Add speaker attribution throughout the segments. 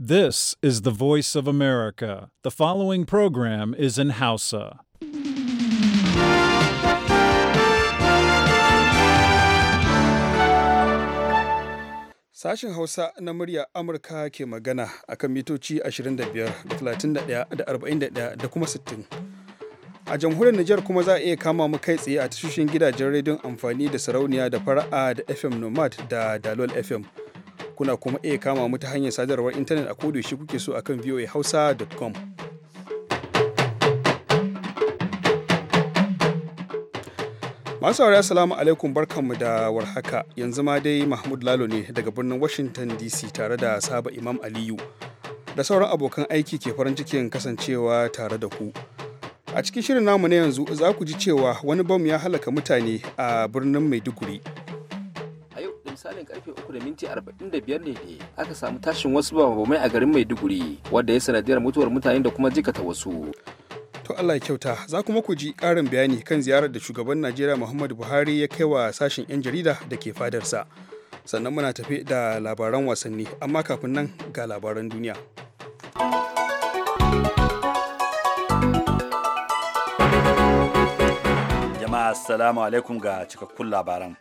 Speaker 1: This is the voice of America. The following program is in Hausa. Sashen Hausa na murya Amurka ke magana akan mitoci 25, 31 da 41 da kuma 60. A jamhuriyar Nijar kuma za a iya kama mu kai tsaye a tashoshin gidajen rediyon amfani da sarauniya da fara'a da FM Nomad da Dalol FM. kuna kuma iya kama mu ta hanyar sadarwar intanet a kodayaushe kuke so akan voahausa.com masu aure assalamu alaikum barkanmu da warhaka yanzu ma dai mahmud lalo ne daga birnin washington dc tare da saba imam aliyu da sauran abokan aiki ke farin cikin kasancewa tare da ku a cikin shirin namu na yanzu za ku ji cewa wani bam ya halaka mutane a birnin maiduguri
Speaker 2: misalin karfe 3 da minti 45 ne ne aka samu tashin wasu babamai a garin maiduguri wadda ya sanadiyar mutuwar mutane da kuma jikata wasu to
Speaker 1: Allah ya kyauta za kuma ku ji karin bayani kan ziyarar da shugaban Najeriya Muhammadu Buhari ya kai wa sashen 'yan jarida da ke fadarsa sannan muna tafe da labaran wasanni amma kafin nan ga labaran duniya
Speaker 3: jama'a assalamu alaikum ga cikakkun labaran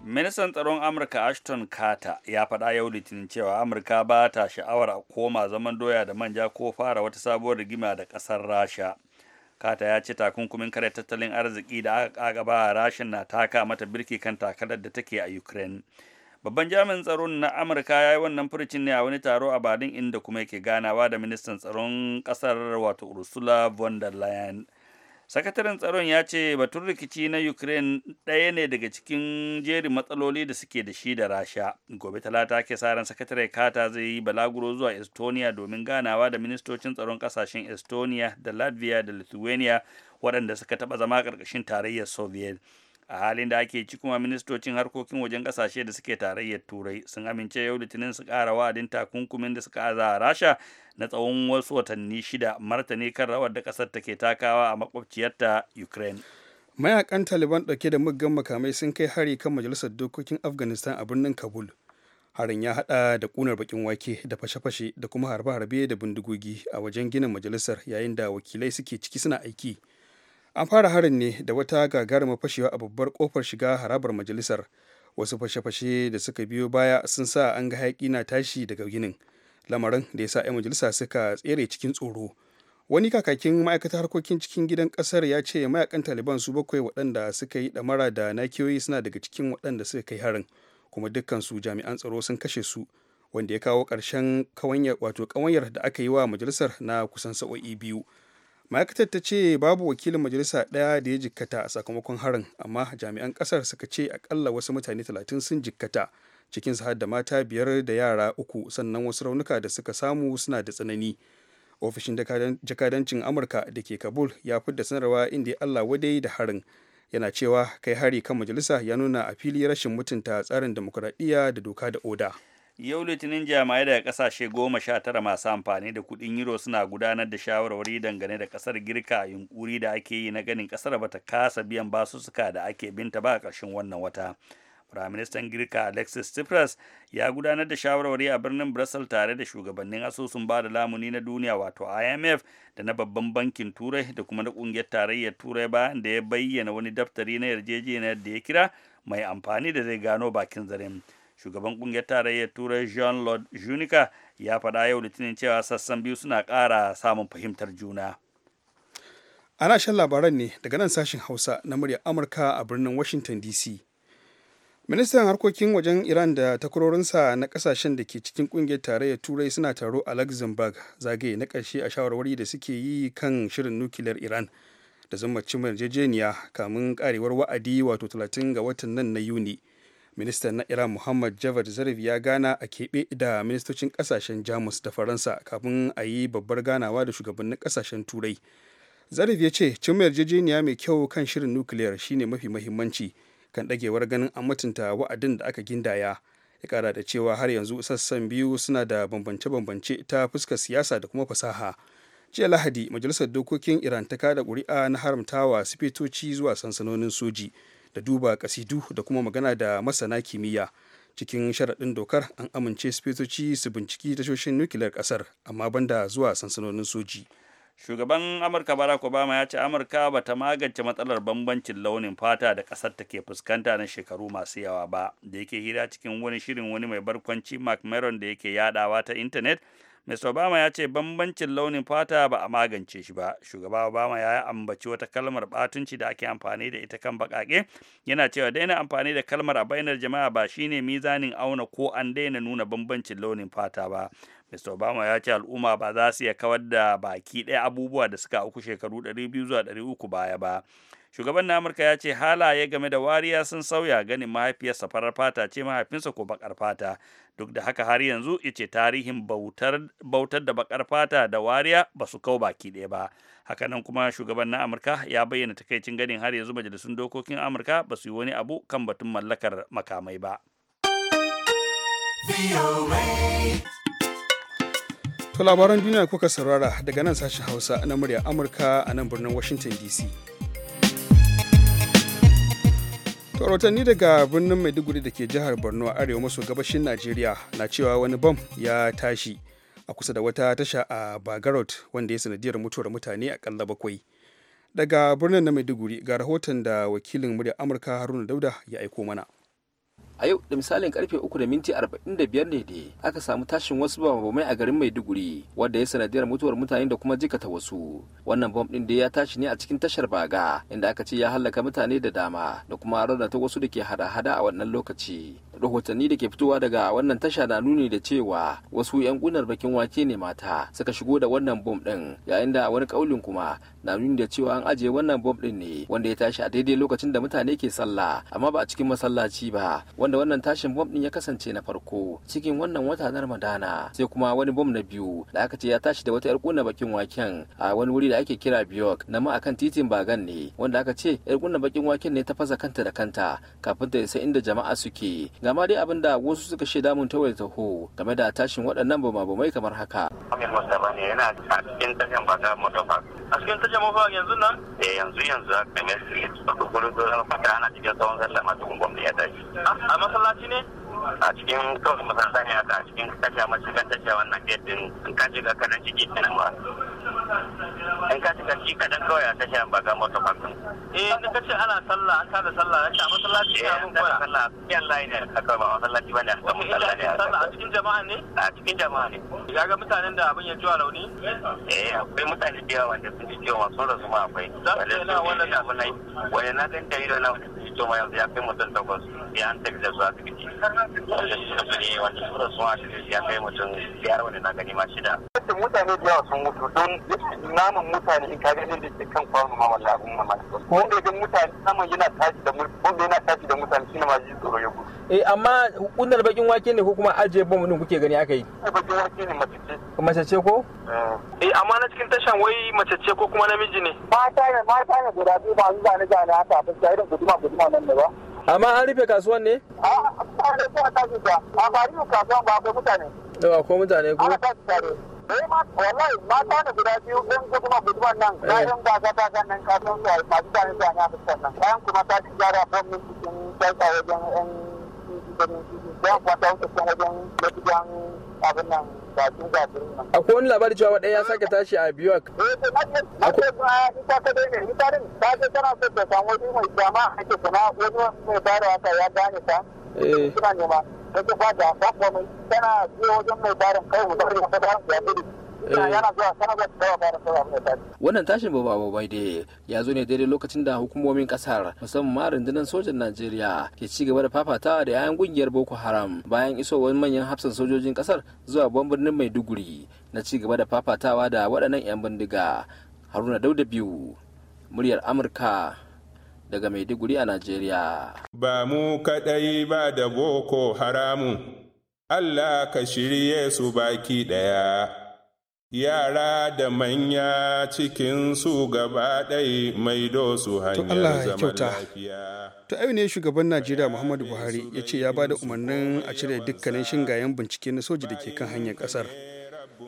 Speaker 3: ministan tsaron amurka ashton carter ya faɗa yau litinin cewa amurka ba ta sha'awar a koma zaman doya da manja ko fara wata sabuwar rigima da ƙasar rasha kata ya ce takunkumin kare tattalin arziki da aka kagaba a rashin na taka mata birki kan takarar da take a ukraine babban jami'in tsaron na amurka ya yi wannan furucin ne a wani taro a badin inda kuma yake ganawa da ministan tsaron ƙasar wato ursula von der leyen sakataren tsaron ya ce batun rikici na ukraine ɗaya ne daga cikin jerin matsaloli da suke da shi da rasha gobe talata ke sa ran sakatare kata zai yi balaguro zuwa estonia domin ganawa da ministocin tsaron kasashen estonia da latvia da lithuania waɗanda suka taɓa zama ƙarƙashin tarayyar soviet a halin da ake ci kuma ministocin harkokin wajen kasashe da suke tarayyar turai sun amince yau litinin su kara wa'adin takunkumin da suka aza a rasha na tsawon wasu watanni shida martani kan rawar da kasar take takawa a makwabciyarta ukraine
Speaker 1: mayakan taliban dauke da muggan makamai sun kai hari kan majalisar dokokin afghanistan a birnin kabul harin ya hada da kunar bakin wake da fashe-fashe da kuma harbe-harbe da bindigogi a wajen ginin majalisar yayin da wakilai suke ciki suna aiki an fara harin ne da wata gagarumar fashewa a babbar kofar shiga harabar majalisar wasu fashe-fashe da suka biyo baya sun sa an ga hayaki na tashi daga ginin lamarin da ya sa 'yan majalisa suka tsere cikin tsoro wani kakakin ma'aikatar harkokin cikin gidan kasar ya ce mayakan taliban su bakwai waɗanda suka yi ɗamara da nakiyoyi suna daga cikin waɗanda suka kai harin kuma dukkansu jami'an tsaro sun kashe su wanda ya kawo ƙarshen kawanyar wato kawanyar da aka yi wa majalisar na kusan sa'o'i biyu ma'aikatar ta ce babu wakilin majalisa ɗaya da ya jikkata a sakamakon harin amma jami'an ƙasar suka ce akalla wasu mutane talatin sun jikkata cikin har da mata biyar da yara uku sannan wasu raunuka da suka samu suna da tsanani ofishin jakadancin amurka da ke kabul ya fidda sanarwa inda ya allah wadai da harin yana cewa kai hari kan majalisa ya nuna a fili rashin mutunta tsarin demokuraɗiyya da doka da oda
Speaker 3: yau litinin jami'ai daga kasashe goma sha tara masu amfani da kudin euro suna gudanar da shawarwari dangane da kasar girka a yunkuri da ake yi na ganin kasar bata kasa biyan basu suka da ake binta ba a ƙarshen wannan wata firaministan girka alexis tsipras ya gudanar da shawarwari a birnin brussels tare da shugabannin asusun ba da lamuni na duniya wato imf da na babban bankin turai da kuma na kungiyar tarayyar turai bayan da ya bayyana wani daftari na yarjejeniyar da ya kira mai amfani da zai gano bakin zaren shugaban kungiyar tarayyar turai jean lord junica ya faɗa yau litinin cewa sassan biyu suna ƙara samun fahimtar juna
Speaker 1: ana shan labaran ne daga nan sashen hausa na muryar amurka a birnin washington dc ministan harkokin wajen iran da takwarorinsa na kasashen da ke cikin kungiyar tarayyar turai suna taro a luxembourg zagaye na ƙarshe a shawarwari da suke yi kan shirin nukiliyar iran da zammacin yarjejeniya kamun karewar wa'adi wato 30 ga watan nan na yuni ministan na iran muhammad javad zarif ya gana a keɓe da ministocin ƙasashen jamus da faransa kafin a yi babbar ganawa da shugabannin ƙasashen turai zarif ya ce cimma yarjejeniya mai kyau kan shirin nukiliyar shine mafi mahimmanci kan ɗagewar ganin an mutunta wa'adin da aka gindaya ya kara da cewa har yanzu sassan biyu suna da bambance-bambance ta fuskar siyasa da kuma fasaha jiya lahadi majalisar dokokin iran ta kada ƙuri'a na haramtawa sifitoci zuwa sansanonin soji da duba kasidu da kuma magana da masana kimiyya cikin sharaɗin dokar an amince spesoci su binciki tashoshin nukiliyar ƙasar amma banda zuwa sansanonin soji
Speaker 3: shugaban amurka barack obama ya ce amurka ba ta magance matsalar bambancin launin fata da ƙasar ke fuskanta na shekaru masu yawa ba da yake hira cikin wani shirin wani mai barkwanci mark maron da yake yadawa ta intanet Mr. Obama ya ce bambancin launin fata ba a magance shi ba. Shugaba Obama ya ambaci wata kalmar batunci da ake amfani da ita kan bakake Yana cewa daina amfani da kalmar a bainar jama'a ba shine mizanin auna ko an daina nuna bambancin launin fata ba. Mr. Obama ya ce al'umma ba za su iya kawar da baki ɗaya abubuwa da suka auku shekaru 200 zuwa 300 baya ba. shugaban na amurka ya ce halaye game da wariya sun sauya ganin mahaifiyarsa farar fata ce mahaifinsa ko bakar fata duk da haka har yanzu ice tarihin bautar, da bakar fata da wariya ba su kau baki ɗaya ba hakanan kuma shugaban na amurka ya bayyana takaicin ganin har yanzu majalisun dokokin amurka ba su yi wani abu kan batun mallakar
Speaker 1: makamai ba To labaran duniya kuka saurara daga nan sashen hausa na murya amurka a nan birnin washington dc rahotanni daga birnin maiduguri da ke jihar borno a arewa maso gabashin najeriya na cewa wani bom ya tashi a kusa da wata tasha a bagarot wanda ya sanadiyar mutuwar mutane a akalla bakwai daga birnin na maiduguri ga rahoton da wakilin muryar amurka haruna dauda ya aiko mana
Speaker 2: a yau da misalin karfe 3 da minti 45 ne da aka samu tashin wasu bambamai a garin maiduguri wadda ya sanadiyar mutuwar mutane da kuma jikata wasu wannan bom din da ya tashi ne a cikin tashar baga inda aka ce ya hallaka mutane da dama da kuma raunata wasu da ke hada-hada a wannan lokaci rahotanni da ke fitowa daga wannan tasha na nuni da cewa wasu 'yan kunar bakin wake ne mata suka shigo da wannan bom din yayin da wani kaulin kuma na nuni da cewa an ajiye wannan bom din ne wanda ya tashi a daidai lokacin da mutane ke sallah amma ba a cikin masallaci ba wanda wannan tashin bom din ya kasance na farko cikin wannan wata na ramadana sai kuma wani bom na biyu da aka ce ya tashi da wata 'yar kunar bakin waken a wani wuri da ake kira biyok na ma akan titin bagan ne wanda aka ce 'yar kunar bakin waken ne ta fasa kanta da kanta kafin ta isa inda jama'a suke da ma dai abin da wasu suka damun ta tawai taho game da tashin waɗannan bumabumai kamar haka Amir Mustapha ne yana a cikin tashin fata Mustapha
Speaker 3: a cikin tashin Mustapha yanzu nan eh yanzu yanzu a ana cikin tsawon ya tashi a masallaci ne a cikin kawai masarauta ne Aka a cikin tasha mashigan tasha wannan
Speaker 2: gate din in ka shiga kanan ciki kenan ba in ka shiga ciki kadan kawai a tasha ba ga motor park eh in ka ana sallah an kada sallah rashin masallaci ne eh, abin koya sallah yan layi ne haka ba masallaci bane haka masallaci ne sallah a cikin jama'a ne a cikin jama'a ne ya ga mutanen da abin ya jiwa rauni eh akwai mutane da yawa wanda sun ji ciwon sun rasu ma
Speaker 3: akwai za ka yi na wannan abin nan wani na gani da ido na wani fito ma yanzu ya kai mutum takwas ya an tafi da su asibiti wanda suka fi ne wanda suka sun ya kai mutum biyar wanda
Speaker 2: na gani ma shida mutane da yawa sun mutu don namun mutane in ka ganin da ke kan kwanu ma wallahi abun mamaki ko da ga mutane naman
Speaker 4: yana tashi da mutum yana tashi da mutane ne ma ji tsoro ya gudu
Speaker 2: eh amma kunnar bakin wake ne ko kuma ajiye bomb din kuke gani aka yi
Speaker 4: bakin wake ne
Speaker 2: mace ce mace ce ko eh amma na cikin tashan wai mace ce ko kuma namiji ne mata ne mata ne guda biyu ba zuwa na jana haka ba sai da guduma guduma nan ne ba amma an rufe kasuwan ne? a ba rufe kasuwan ba ko mutane. ba ko mutane ko? dai ma wallahi mata guda biyu ɗan nan eh. bayan nan da na fuskar nan bayan kuma ta ci wajen ɗan ɗan wajen abin nan Akwai wani labari cewa ɗaya ya sake tashi a biyu eh, a. Akwai ba ta ita din ta ce tana so ta samu wani mai jama'a ake kuma wani mai ya gane ta. Eh. Suna nema. ta zuba da tana wajen mai barin kai da ya gudu wannan tashin baba bai dai ya zo ne daidai lokacin da hukumomin kasar musamman ma rundunar sojan Najeriya ke ci gaba da fafatawa da yayan kungiyar Boko Haram bayan isowar manyan hafsan sojojin kasar zuwa babban birnin Maiduguri na ci gaba da fafatawa da waɗannan 'yan bindiga Haruna Dauda biyu muryar Amurka daga Maiduguri a Najeriya. Ba mu kaɗai ba da boko haramu, Allah ka shirye su baki ɗaya. Yara da manya cikin su gaba ɗai maido su hanyar zaman lafiya.
Speaker 1: To ayo ne shugaban Najeriya Muhammadu Buhari ya ce ya ba da umarnin a cire dukkanin shingayen bincike na soji da ke kan hanyar ƙasar.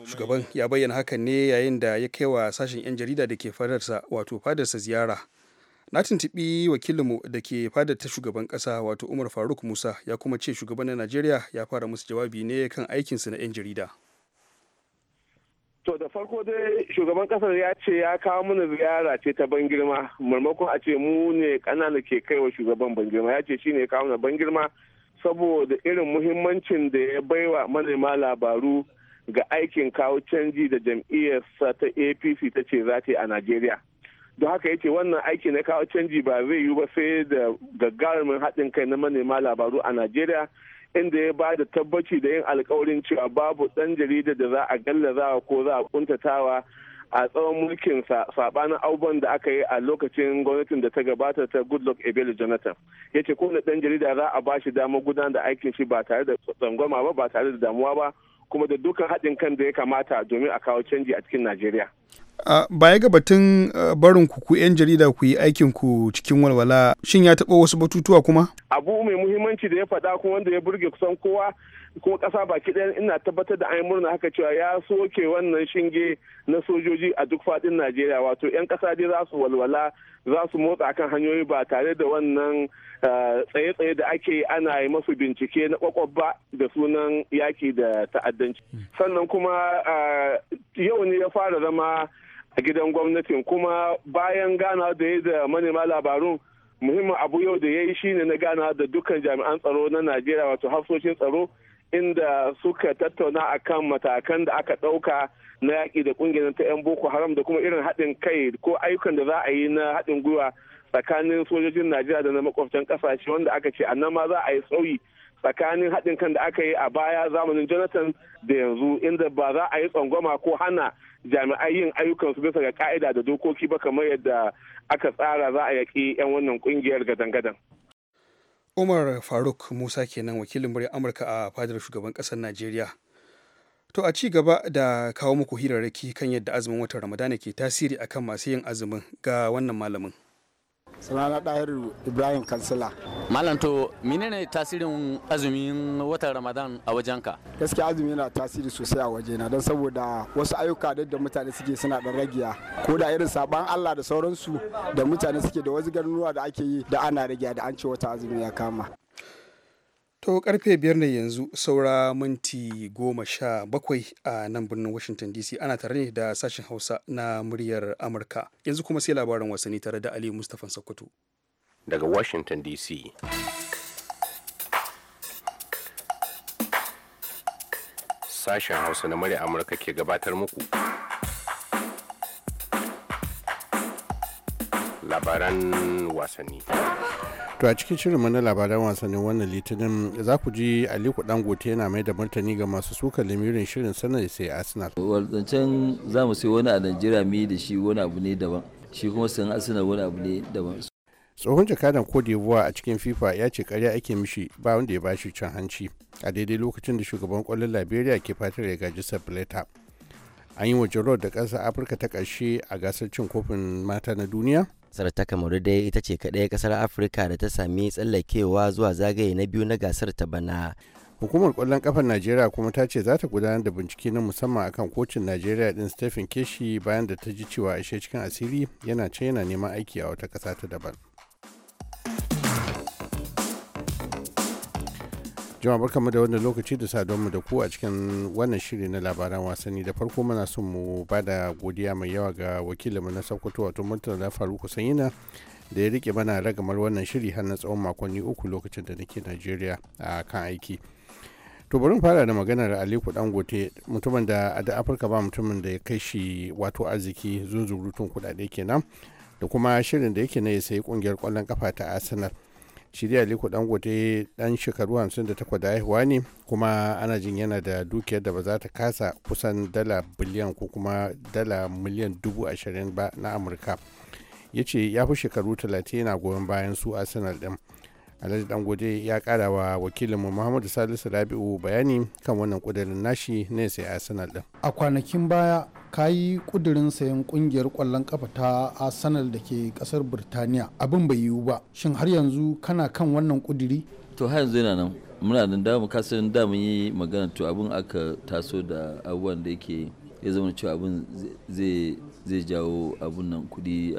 Speaker 1: Shugaban ya bayyana hakan ne yayin da ya kai wa sashen 'yan jarida da ke fadarsa wato fadarsa ziyara na tuntuɓi wakilinmu da ke fadar ta shugaban ƙasa wato umar faruk musa ya kuma ce shugaban na najeriya ya fara musu jawabi ne kan aikinsu na 'yan jarida
Speaker 4: To da farko dai shugaban kasar ya ce ya kawo mana ziyara ce ta ban girma maimakon a ce mu ne kanana ke kai wa shugaban ban girma ya ce shine ya kawo mana ban girma saboda irin muhimmancin da ya baiwa manema labaru ga aikin kawo canji da jam'iyyarsa ta APC ta ce za ta yi a Najeriya. don haka ya ce wannan aiki na kawo canji ba zai yiwu ba sai da gagarumin haɗin kai na manema labaru a najeriya inda ya ba da tabbaci da yin alkawarin cewa babu ɗan jarida da za a gallazawa ko za a kuntatawa a tsawon mulkin sabanin abubuwan da aka yi a lokacin gwamnatin da ta gabata ta goodluck ebele jonathan ya ce kowane ɗan jarida za a ba shi damar gudanar da aikin shi ba tare da tsangwama ba ba tare da damuwa ba kuma da dukkan haɗin kan da ya kamata domin a kawo canji a cikin najeriya
Speaker 1: baya ga batun eh, barin ku ku 'yan jarida ku yi aikin ku cikin walwala shin ya taɓa wasu batutuwa kuma
Speaker 4: abu mai muhimmanci da ya faɗa kuma wanda ya burge kusan kowa kuma ƙasa baki ɗaya ina tabbatar da an murna haka cewa ya soke wannan shinge na sojoji a duk faɗin najeriya wato 'yan ƙasa dai za su walwala za su motsa kan hanyoyi ba tare da wannan eh, tsaye-tsaye da ake ana yi masu bincike na ba da sunan yaki da ta'addanci sannan kuma eh, yau ne ya fara zama a gidan gwamnatin kuma bayan gana da ya da manema labarun muhimmin abu yau da ya yi shine na gana da dukkan jami'an tsaro na najeriya wato hafsoshin tsaro inda suka tattauna a kan matakan da aka ɗauka na yaƙi da ƙungiyar ta 'yan boko haram da kuma irin haɗin kai ko ayyukan da za a yi na haɗin gwiwa tsakanin sojojin najeriya da na makwabtan ƙasashe wanda aka ce a nan ma za a yi sauyi tsakanin haɗin kan da aka yi a baya zamanin jonathan da yanzu inda ba za a yi tsangwama ko hana jami'ai yin ayyukan su bisa ga ka'ida da dokoki ba kamar yadda aka tsara za a yaƙi 'yan wannan ƙungiyar gadan-gadan
Speaker 1: Umar Faruk Musa kenan wakilin murya Amurka a fadar shugaban ƙasar Najeriya. To a ci gaba da kawo muku hirarraki kan yadda azumin watan Ramadana ke tasiri akan masu yin azumin ga
Speaker 5: wannan malamin.
Speaker 2: sunana ɗayar ibrahim kansila
Speaker 5: malam to menene tasirin azumin watan ramadan a wajenka
Speaker 1: gaskiya azumi yana tasiri sosai a wajena don saboda wasu ayyuka da da mutane suke suna dan ragiya ko da irin saban allah da sauransu da mutane suke da wasu ganuwa da ake yi da ana ragiya da an ce wata azumi ya kama To karfe biyar ne yanzu saura minti goma sha bakwai a nan birnin Washington DC ana tare ne da sashen Hausa na muryar Amurka. Yanzu kuma sai labaran wasanni tare da Ali Mustapha Sokoto.
Speaker 6: Daga Washington DC. Sashen Hausa na muryar Amurka ke gabatar muku. Labaran wasanni. To a cikin shirin na labaran wasannin wannan litinin za ku ji Aliko Dangote yana mai da martani ga masu suka lamirin shirin sanar sai
Speaker 5: Arsenal. wadancan za mu sai wani a Najeriya mu da shi wani abu ne daban. Shi kuma sun Arsenal wani abu ne daban. Tsohon jakadan Cote d'Ivoire a cikin FIFA ya ce karya ake mishi
Speaker 6: ba wanda ya shi cin hanci a daidai lokacin da shugaban kwallon Liberia ke fatar ya gaji Sabaleta.
Speaker 7: An yi wajen Jorod da ƙasar Afirka ta ƙarshe a gasar cin kofin mata na duniya Kasar ta kamaru dai ita ce kaɗai kasar Afirka da ta sami tsallakewa zuwa zagaye na biyu na gasar ta bana.
Speaker 6: Hukumar kwallon kafar Najeriya kuma ta ce za ta gudanar da bincike na musamman akan kocin Najeriya din Stephen Keshi bayan da ta ji cewa ashe cikin asiri yana ce yana neman aiki a wata ƙasa ta daban. jama'a barkamu da wannan lokaci da mu da ku a cikin wannan shiri na labaran wasanni da farko muna son mu ba da godiya mai yawa ga wakilinmu na sokoto wato murtala faruku sanyina da ya rike mana ragamar wannan shiri har na tsawon makonni uku lokacin da nake najeriya a kan aiki to bari fara da maganar aliko dangote mutumin da a afirka ba mutumin da ya kai shi wato arziki zunzurutun kudade kenan da kuma shirin da yake na ya sayi kungiyar kwallon kafa ta arsenal shirya aliko dangote dan shekaru 58 da haihuwa ne kuma ana jin yana da dukiyar da ba za ta kasa kusan dala biliyan ko kuma dala miliyan dubu ashirin ba na amurka ya ce ya fi shekaru 30 yana goyon bayan su arsenal din alhaji dangote ya kara wa wakilin mu muhammadu salisu rabi'u bayani kan wannan kudirin nashi ne sai arsenal din a kwanakin baya ka yi kudirin sayan kungiyar kwallon kafa ta arsenal da ke kasar birtaniya abin bai yiwu ba shin har yanzu kana kan wannan kudiri
Speaker 5: to har yanzu yana nan muna da damu kasan da mun yi magana to abin aka taso da abubuwan da yake ya zama cewa abin zai jawo abun nan kudi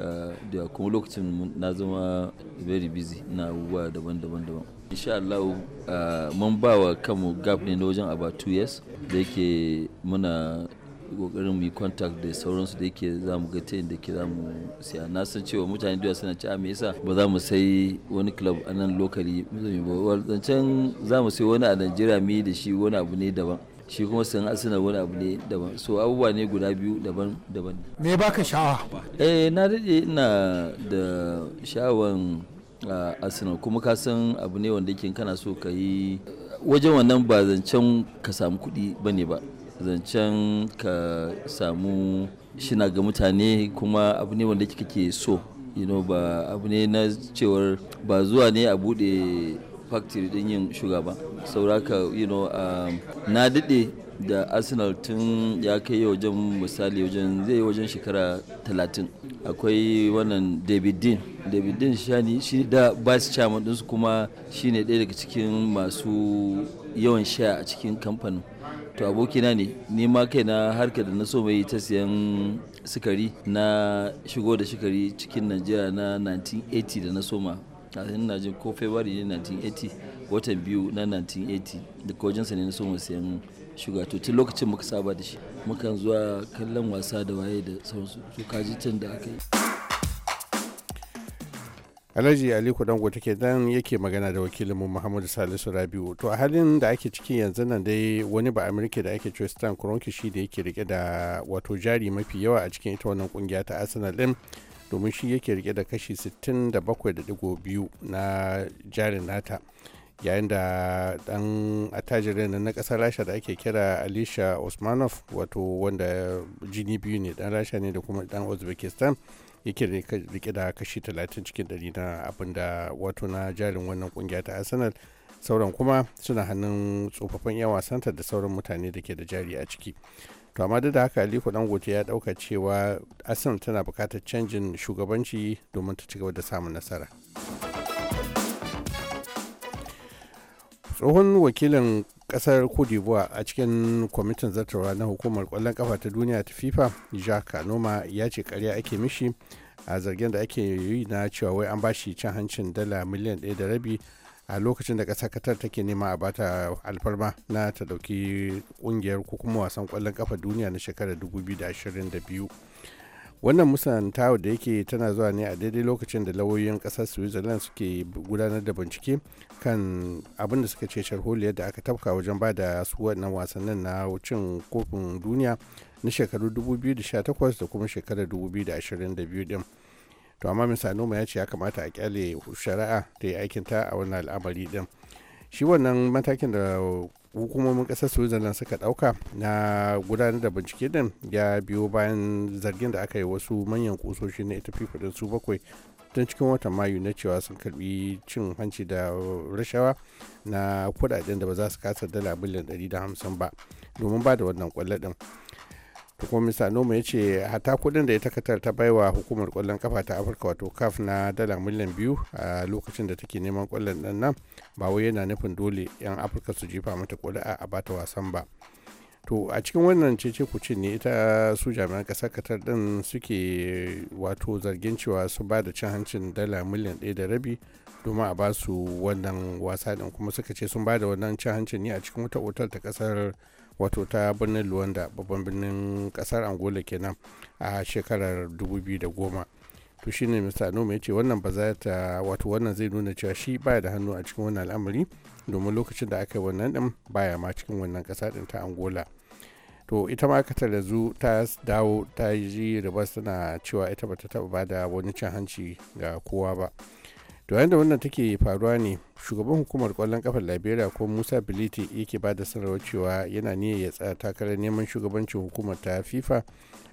Speaker 5: da kuma lokacin na zama very busy na abubuwa daban-daban daban insha Allah mun ba wa kanmu gap ne na wajen about 2 years da yake muna kokarin mu yi contact da sauransu da yake zamu ga ta yadda ke zamu siya na san cewa mutane da suna ci ah, me yasa ba za mu sai wani club a nan lokali ba zancen za mu sai wani a Najeriya mu yi da shi wani abu ne daban shi kuma sun asina wani abu ne daban so abubuwa ne guda biyu daban daban me baka sha'awa eh na dade ina da sha'awan asina ah, kuma ka san abu ne wanda yake kana so ka yi wajen wannan ba zancen ka samu kuɗi bane ba zancen ka samu shina ga mutane kuma abu ne wanda kake so you know ba abu ne na cewar ba zuwa ne a bude factory din yin shuga ba sauraka you know um, na daɗe da arsenal tun ya kai wajen misali wajen zai wajen shekara 30 akwai wannan david dean david dean shani shi da vice chairman ɗinsu kuma shine ɗaya daga cikin masu yawan sha a cikin kamfanin to abokina ne ni ma kai na harka da na so mai ta siyan sukari na shigo da sukari cikin najeriya na 1980 da na soma kafin na jin ko february ne 1980 watan biyu na 1980 da kojinsa ne na soma siyan shuga to tun lokacin muka saba da shi mukan zuwa kallon wasa da waye da sauransu to kaji can da aka yi
Speaker 6: alhaji aliku dango take dan yake magana da wakilinmu muhammadu salisu rabiu to a halin da ake ciki yanzu nan dai wani ba amurka da ake cewa stan kronki shi da yake rike da wato jari mafi yawa a cikin ita wannan kungiya ta arsenal din domin shi yake rike da kashi 67.2 na jarin nata yayin da dan attajirin na kasar rasha da ake kira alisha osmanov wato wanda jini biyu ne dan rasha ne da kuma dan uzbekistan yake rike da kashi 30 cikin dari na abin da wato na jarin wannan kungiya ta arsenal sauran kuma suna hannun tsofaffin 'yan wasanta da sauran mutane da ke da jari a ciki to amma duk da haka aliko dangote ya dauka cewa arsenal tana bukatar canjin shugabanci domin ta ci gaba da samun nasara tsohon wakilin kasar d'Ivoire a cikin kwamitin zartarwa na hukumar kwallon kafa ta duniya ta fifa jacques noma ya ce karya ake mishi a zargin da ake yi na cewa wai an bashi cin hancin dala miliyan ɗaya da rabi a lokacin da ƙasa katar take nema a bata alfarma na ta dauki ƙungiyar ko kuma wasan kwallon kafa duniya na shekarar 2022 wannan musantawa da yake tana zuwa ne a daidai lokacin da lauyoyin ƙasar switzerland suke gudanar da bincike kan abin da suka ce sharholiyar da aka tafka wajen ba da su wannan wasannin na cin kofin duniya na shekaru 2018 da kuma shekarar 2022 din to amma mista ya ce ya kamata a kyale shari'a da ya ta a wannan al'amari din shi wannan matakin da hukumomin kasar switzerland suka dauka na gudanar da bincike din ya biyo bayan zargin da aka yi wasu manyan kusoshi na ita fifa su bakwai tun cikin watan mayu na cewa sun karbi cin hanci da rashawa na kudaden da ba za su kasa dala biliyan 150 ba domin ba da wannan kwallo din to noma ya ce hata kudin da ya takatar ta baiwa hukumar kwallon kafa ta afirka wato kaf na dala miliyan biyu a lokacin da take neman kwallon dan nan ba wai yana nufin dole yan afirka su jefa mata kuri'a a bata wasan ba to a cikin wannan cece ne ita su jami'an kasar katar din suke wato zargin cewa su ba da cin hancin dala miliyan ɗaya da rabi domin a ba su wannan wasa din kuma suka ce sun ba da wannan cin hancin ne a cikin wata otal ta kasar wato ta birnin luwanda babban birnin kasar angola kenan a shekarar 2010 to shine mista noma ya ce wannan ba za ta wato wannan zai nuna cewa shi baya da hannu a cikin wannan al'amari domin lokacin da aka yi wannan din baya ma cikin wannan kasa din ta angola to ita ma katar yanzu ta dawo ta yi ribas tana cewa ita ba ta taba bada wani cin hanci ga kowa ba to yadda wannan take faruwa ne shugaban hukumar kwallon kafar liberia ko musa biliti yake ba da sanarwar cewa yana niyyar ya tsaya takarar neman shugabancin hukumar ta fifa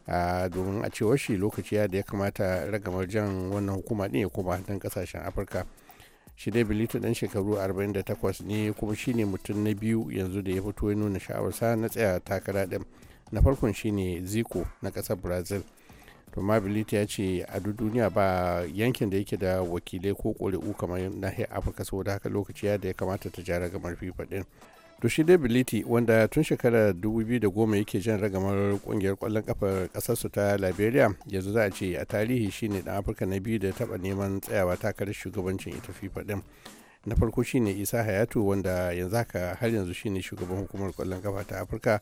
Speaker 6: a domin a cewar shi lokaci da ya kamata ragamar jan wannan hukuma din ya koma hannun kasashen afirka shi dai biliti dan shekaru 48 ne kuma shine mutum na biyu yanzu da ya fito ya nuna sha'awarsa na tsaya takara din na farkon shine ziko na ƙasar brazil to biliti ya ce a duk duniya ba yankin da yake da wakilai ko ƙuri'u kamar nahiyar afirka saboda haka lokaci ya da ya kamata ta ja ragamar fifa din to shi dai biliti wanda tun shekarar 2010 yake jan ragamar kungiyar kwallon kafar kasarsu ta liberia yanzu za a ce a tarihi shine dan afirka na biyu da taɓa neman tsayawa takarar shugabancin ita fifa din na farko shine isa hayatu wanda yanzu haka har yanzu shine shugaban hukumar kwallon kafa ta afirka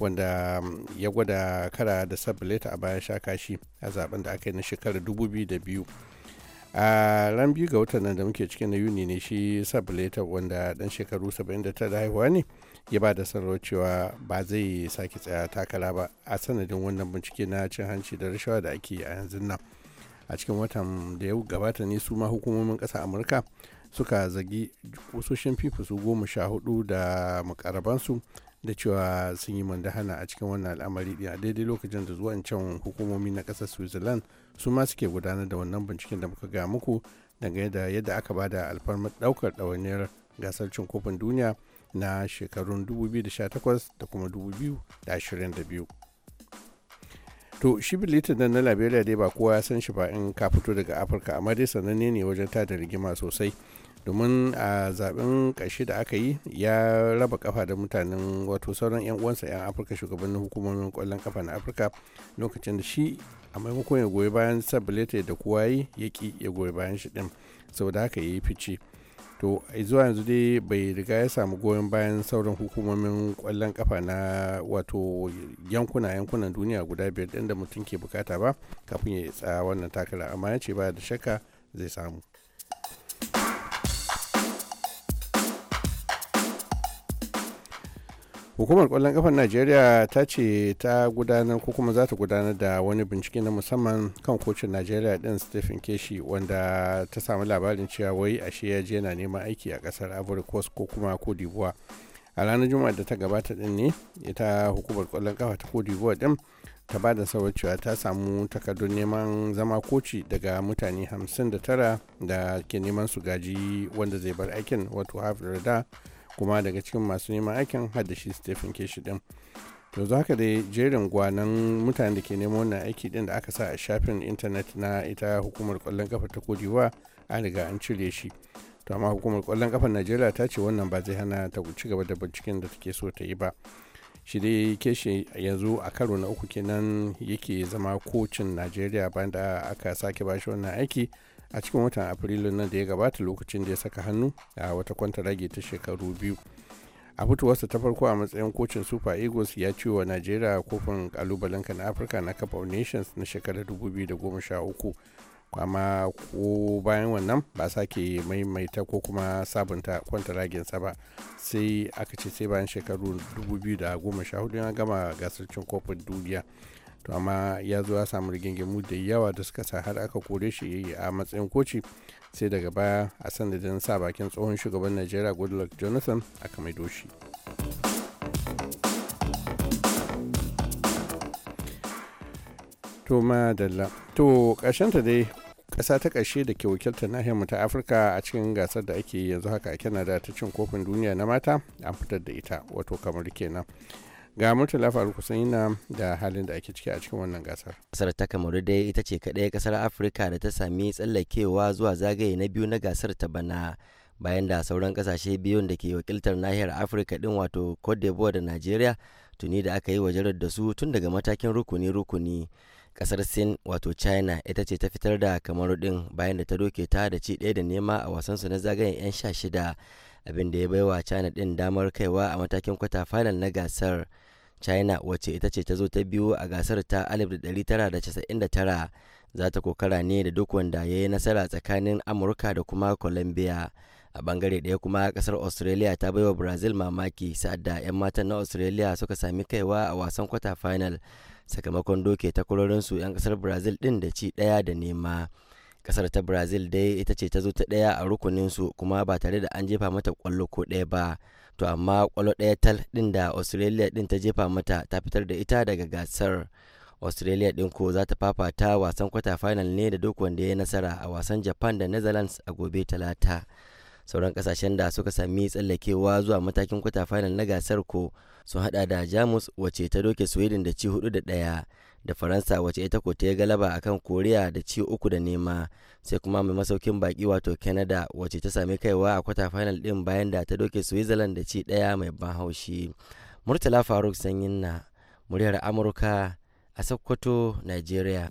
Speaker 6: wanda mm, ya gwada kara da sabaleta a bayan shakashi a zaben da aka yi na shekarar 2002 a ran biyu ga watan nan da muke cikin na yuni ne shi sabaleta wanda dan shekaru da 79 haihuwa ne ya ba da sanarwar cewa ba zai sake tsaya takara ba a sanadin wannan bincike na cin hanci da rashawa da ake a yanzu nan a cikin watan da ya gabata ne su ma hukumomin ƙasa amurka suka zagi kusoshin fifa su goma sha hudu da makarabansu da cewa sun yi manda hana a cikin wannan al'amari din a daidai lokacin da zuwan can hukumomi na kasar switzerland su ma suke gudanar da wannan binciken da muka ga muku dangane da yadda aka bada alfarmar daukar ɗawainiyar gasar cin kofin duniya na shekarun 2018 da kuma 2022 to shi bilitin nan na liberia dai ba kowa ya san shi ba in ka fito daga afirka amma dai sananne ne wajen tada rigima sosai domin a zaben ƙarshe da aka yi ya raba kafa da mutanen wato sauran 'yan uwansa 'yan afirka shugabannin hukumomin kwallon kafa na afirka lokacin da shi a maimakon ya goyi bayan sabilete da kowa yi ya ki ya goyi bayan shi din saboda haka ya yi fice to zuwa yanzu dai bai riga ya samu goyon bayan sauran hukumomin kwallon kafa na wato yankuna yankunan duniya guda biyar din da mutum ke bukata ba kafin ya tsa wannan takara amma ya ce ba da shakka zai samu hukumar kwallon kafar najeriya ta ce ta gudanar ko kuma za ta gudanar da wani bincike na musamman kan kocin najeriya din stephen keshi wanda ta samu labarin cewa wai ashe ya je na neman aiki a kasar ivory coast ko kuma kodibuwa a ranar juma'a da ta gabata din ne ita hukumar kwallon kafa ta kodibuwa din ta ba da sauwar cewa ta samu takardun neman zama koci daga mutane 59 da ke neman su gaji wanda zai bar aikin wato hafi da kuma daga cikin masu neman aikin hada shi stephen keshi din to za ka dai jerin gwanan mutanen da ke neman wannan aiki din da aka sa a shafin intanet na ita hukumar kwallon kafa ta kodewa an riga an cire shi to amma hukumar kwallon kafa najeriya ta ce wannan ba zai hana ta ci gaba da binciken da take so ta yi ba shi dai keshi yanzu a karo na uku kenan yake zama kocin najeriya bayan da aka sake bashi wannan aiki a cikin watan afrilu nan da ya gabata lokacin da ya saka hannu a wata kwanta rage ta shekaru biyu a fitowarsa ta farko a matsayin kocin super eagles ya ci wa najeriya kofin kalubalenka na afirka na cup nations na shekarar 2013 kwama ko bayan wannan ba sake maimaita ko kuma sabunta kwantaraginsa ba sai aka ce sai bayan shekaru 2014 ya gama gasar cin kofin duniya to amma ya zo ya samu rigingimu da yawa da suka sa har aka kore shi a matsayin koci sai daga baya a sanadin sa bakin tsohon shugaban najeriya goodluck jonathan aka maido shi to to ƙarshenta dai ƙasa ta ƙarshe da ke wakiltar nahiyar mu ta afirka a cikin gasar da ake yanzu haka a canada ta cin kofin duniya na mata an fitar da ita wato kamar kenan ga murtala faru kusan yana da
Speaker 7: halin da ake ciki a cikin wannan gasar kasar ta kamaru dai ita ce kaɗai kasar afirka da ta sami tsallakewa zuwa zagaye na biyu na gasar ta bana bayan da sauran kasashe biyun da ke wakiltar nahiyar afirka din wato cote d'ivoire da nigeria tuni da aka yi wajarar da su tun daga matakin rukuni-rukuni kasar sin wato china ita ce ta fitar da kamaru din bayan da ta doke ta da ci ɗaya da nema a wasansu na zagayen 'yan sha shida abinda ya baiwa china din damar kaiwa a matakin kwata final na gasar china wacce ita ce ta zo ta biyu a gasar ta 1999 za ta kokara ne da duk wanda ya yi nasara tsakanin amurka da kuma colombia a bangare ɗaya kuma kasar australia ta baiwa brazil mamaki sa'adda 'yan matan na australia suka sami kaiwa a wasan kwata final sakamakon doke ta su 'yan kasar brazil ɗin da ci ɗaya da nema kasar ta brazil dai ita ce ta zo ta ɗaya a rukuninsu kuma ba tare da an jefa mata kwallo ko ɗaya ba to amma kwallo ɗaya tal ɗin da australia ɗin ta jefa mata ta fitar da ita daga gasar australia ɗin ko za ta fafata wasan kwata final ne da duk wanda ya nasara a wasan japan da netherlands a gobe talata sauran kasashen da suka sami tsallakewa zuwa matakin kwata final na gasar ko sun hada da jamus wace ta doke sweden da ci hudu da daya da faransa wace ita ko ta yi galaba akan koriya da ci uku da nema sai kuma mai masaukin baki wato canada wace ta sami kaiwa a kwata final din bayan da ta doke switzerland da ci daya mai ban haushi murtala faruk sanyin na muryar amurka a sokoto nigeria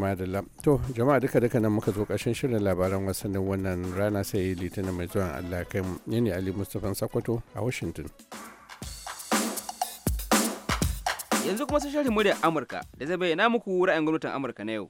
Speaker 6: to da to jama'a duka duka nan muka zo ƙarshen shirin labaran wasannin wannan rana sai litinin mai zuwan allah kai ne ne ali mustapha sakwato a washington
Speaker 8: yanzu kuma sai shirin muryar amurka da zai bayyana muku ra'ayin gwamnatin amurka na yau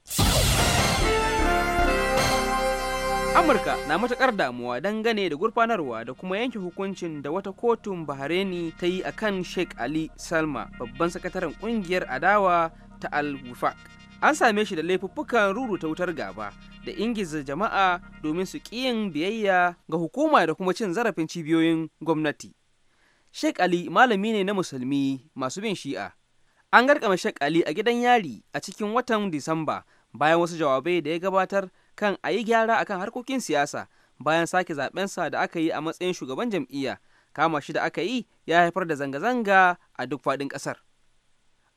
Speaker 8: amurka na matakar damuwa dangane da gurfanarwa da kuma yanke hukuncin da wata kotun bahareni ta yi akan sheikh ali salma babban sakataren kungiyar adawa ta al-wufaq an same shi da laifuffukan ruruta wutar gaba da ingiza jama'a domin su yin biyayya ga hukuma da kuma cin zarafin cibiyoyin gwamnati Sheikh ali malami ne na musulmi masu bin shi'a an garkama Sheikh ali a gidan yari a cikin watan disamba bayan wasu jawabai da ya gabatar kan a yi gyara akan harkokin siyasa bayan sake zaɓensa da aka yi a matsayin shugaban jam'iyya kama shi da aka yi ya haifar da zanga-zanga a duk faɗin ƙasar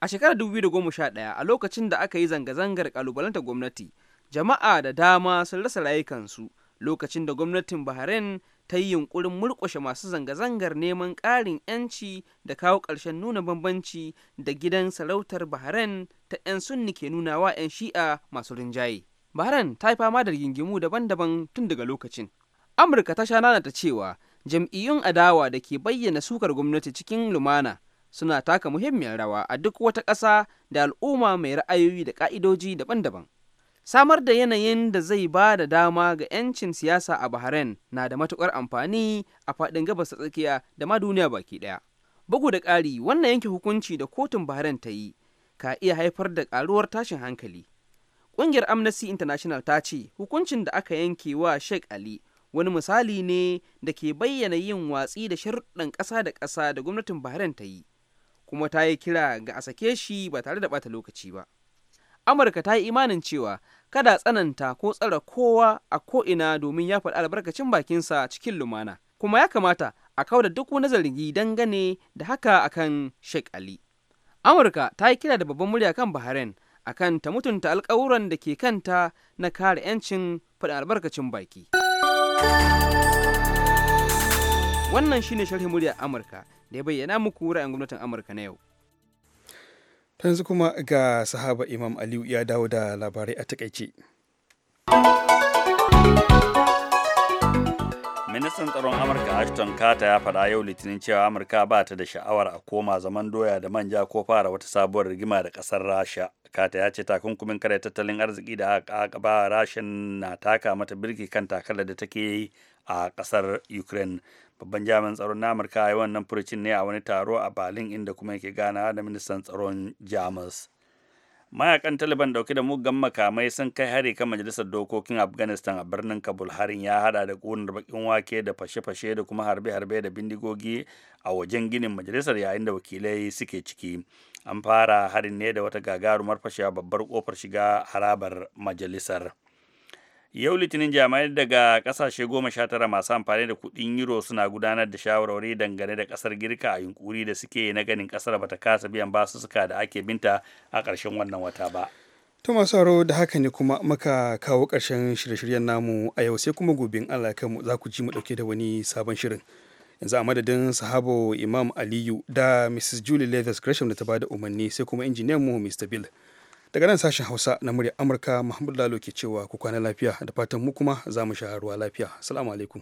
Speaker 8: A shekarar 2011 a lokacin da aka yi zanga-zangar kalubalanta gwamnati, jama'a da dama sun rasa rayukansu lokacin da gwamnatin Bahrain ta yi yunkurin murƙushe masu zanga-zangar neman ƙarin 'yanci da kawo ƙarshen nuna bambanci da gidan sarautar Bahrain ta 'yan sunni ke nuna wa 'yan shi'a masu rinjaye. Bahrain ta yi fama da rigingimu daban-daban tun daga lokacin. Amurka ta sha nanata cewa jam'iyyun adawa da ke bayyana sukar gwamnati cikin lumana suna taka muhimmiyar rawa a duk wata ƙasa da al'umma mai ra'ayoyi da ƙa'idoji daban-daban. Samar da yanayin da zai ba da dama ga 'yancin siyasa a Bahrain na da matuƙar amfani a faɗin gabas ta tsakiya da ma duniya baki ɗaya. Bugu da ƙari wannan yanke hukunci da kotun Bahrain ta yi ka iya haifar da ƙaruwar tashin hankali. Ƙungiyar Amnesty International ta ce hukuncin da aka yanke wa Sheikh Ali wani misali ne da ke bayyana yin watsi da sharuɗan ƙasa da ƙasa da gwamnatin Bahrain ta yi. kuma ta yi kira ga a sake shi ba tare da bata lokaci ba amurka ta yi imanin cewa kada tsananta ko tsara kowa a ko'ina domin ya faɗi albarkacin bakinsa cikin lumana kuma ya kamata a kauda duk wani zargi dangane da haka akan Sheikh Ali. Amurka ta yi kira da babban murya kan Bahrain akan ta mutunta alkawuran da ke kanta na kare 'yancin faɗin albarkacin baki. Wannan shine sharhin muryar Amurka da ya bayyana muku ra'ayin gwamnatin Amurka na yau.
Speaker 1: Ta yanzu kuma ga sahaba Imam Aliyu ya dawo da labarai a takaice.
Speaker 3: Ministan tsaron Amurka Ashton Carter ya faɗa yau Litinin cewa Amurka ba ta da sha'awar a koma zaman doya da manja ko fara wata sabuwar rigima da ƙasar Rasha. Carter ya ce takunkumin kare tattalin arziki da aka ba Rasha na taka mata birki kan takalar da take yi a kasar ukraine babban jami'an tsaron na amurka ya wannan furucin ne a wani taro a berlin inda kuma yake gana da ministan tsaron jamus mayakan taliban dauke da muggan makamai sun kai hari kan majalisar dokokin afghanistan a birnin kabul harin ya hada da ƙunar bakin wake da fashe-fashe da kuma harbe-harbe da bindigogi a wajen ginin majalisar yayin da wakilai suke ciki an fara harin ne da wata gagarumar fashewa babbar kofar shiga harabar majalisar yau litinin jami'ai daga kasashe goma sha tara masu amfani da kuɗin euro suna gudanar da shawarwari dangane da ƙasar girka a yunkuri da suke na ganin ƙasar bata kasa biyan suka da ake binta a ƙarshen wannan wata ba
Speaker 1: to masu da haka ne kuma muka kawo ƙarshen shirye-shiryen namu a yau sai kuma gobe allah kanmu za ku ji mu ɗauke da wani sabon shirin yanzu a madadin sahabo imam aliyu da mrs julie levis gresham da ta bada umarni sai kuma injiniyan mu mr bill daga nan sashen hausa na murya amurka mahmud lalo ke cewa ku kwana lafiya da fatan mu kuma za mu sha ruwa lafiya salamu alaikum